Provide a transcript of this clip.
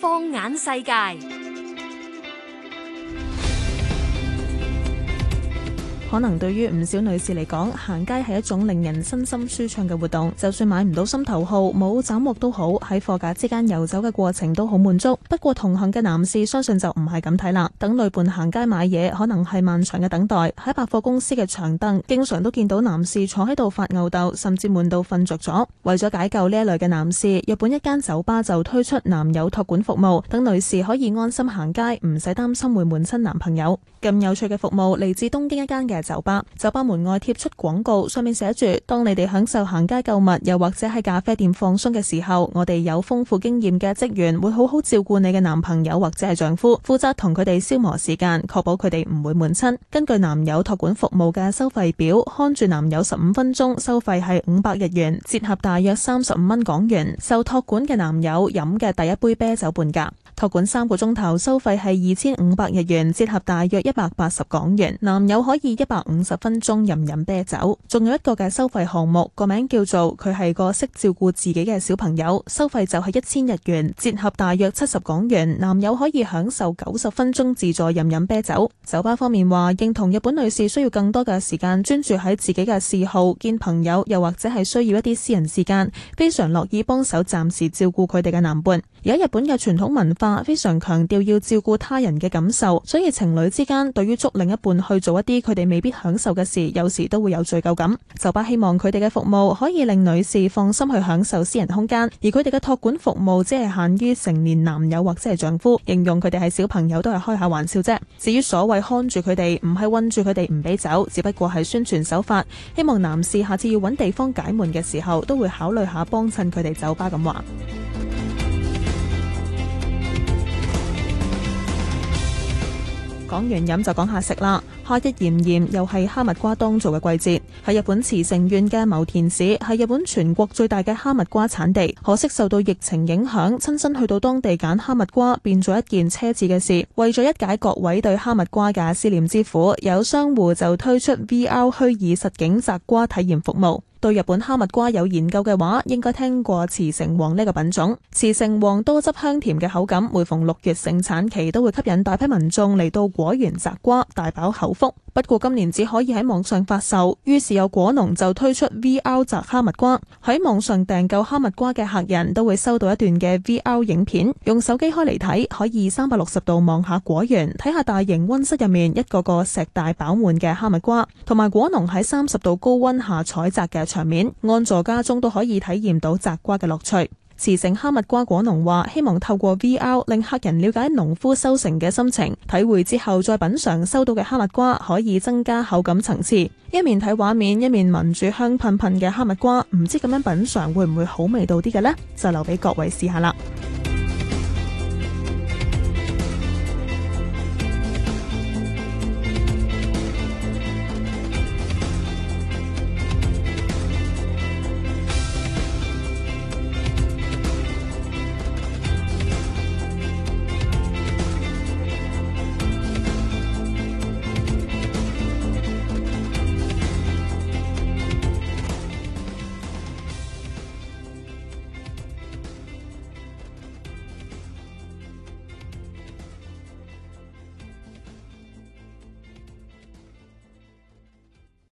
放眼世界。可能對於唔少女士嚟講，行街係一種令人身心舒暢嘅活動。就算買唔到心頭好，冇斬獲都好，喺貨架之間遊走嘅過程都好滿足。不過同行嘅男士相信就唔係咁睇啦。等女伴行街買嘢，可能係漫長嘅等待。喺百貨公司嘅長凳，經常都見到男士坐喺度發吽鬥，甚至悶到瞓着咗。為咗解救呢一類嘅男士，日本一間酒吧就推出男友託管服務，等女士可以安心行街，唔使擔心會悶親男朋友。咁有趣嘅服務嚟自東京一間嘅酒吧酒吧門外貼出廣告，上面寫住：當你哋享受行街購物，又或者喺咖啡店放鬆嘅時候，我哋有豐富經驗嘅職員會好好照顧你嘅男朋友或者係丈夫，負責同佢哋消磨時間，確保佢哋唔會悶親。根據男友托管服務嘅收費表，看住男友十五分鐘收費係五百日元，折合大約三十五蚊港元，受托管嘅男友飲嘅第一杯啤酒半價。託管三個鐘頭，收費係二千五百日元，折合大約一百八十港元。男友可以一百五十分鐘任飲啤酒。仲有一個嘅收費項目，個名叫做佢係個識照顧自己嘅小朋友，收費就係一千日元，折合大約七十港元。男友可以享受九十分鐘自助任飲啤酒。酒吧方面話，認同日本女士需要更多嘅時間專注喺自己嘅嗜好、見朋友，又或者係需要一啲私人時間，非常樂意幫手暫時照顧佢哋嘅男伴。而家日本嘅傳統文化非常強調要照顧他人嘅感受，所以情侶之間對於捉另一半去做一啲佢哋未必享受嘅事，有時都會有罪疚感。酒吧希望佢哋嘅服務可以令女士放心去享受私人空間，而佢哋嘅託管服務只係限於成年男友或者係丈夫，形容佢哋係小朋友都係開下玩笑啫。至於所謂看住佢哋，唔係困住佢哋唔俾走，只不過係宣傳手法，希望男士下次要揾地方解悶嘅時候，都會考慮下幫襯佢哋酒吧咁話。講完飲就講下食啦！夏日炎炎，又係哈密瓜當造嘅季節，喺日本茨城縣嘅牟田市係日本全國最大嘅哈密瓜產地。可惜受到疫情影響，親身去到當地揀哈密瓜變咗一件奢侈嘅事。為咗一解各位對哈密瓜嘅思念之苦，有商戶就推出 VR 虛擬實景摘瓜體驗服務。對日本哈密瓜有研究嘅話，應該聽過茨城王呢個品種。茨城王多汁香甜嘅口感，每逢六月盛產期都會吸引大批民眾嚟到果園摘瓜，大飽口福。不過今年只可以喺網上發售，於是有果農就推出 VR 摘哈密瓜。喺網上訂購哈密瓜嘅客人都會收到一段嘅 VR 影片，用手機開嚟睇，可以三百六十度望下果園，睇下大型溫室入面一個個碩大飽滿嘅哈密瓜，同埋果農喺三十度高溫下採摘嘅場面，安坐家中都可以體驗到摘瓜嘅樂趣。茨城哈密瓜果農話，希望透過 VR 令客人了解農夫收成嘅心情，體會之後再品嘗收到嘅哈密瓜，可以增加口感層次。一面睇畫面，一面聞住香噴噴嘅哈密瓜，唔知咁樣品嘗會唔會好味道啲嘅呢？就留俾各位試下啦。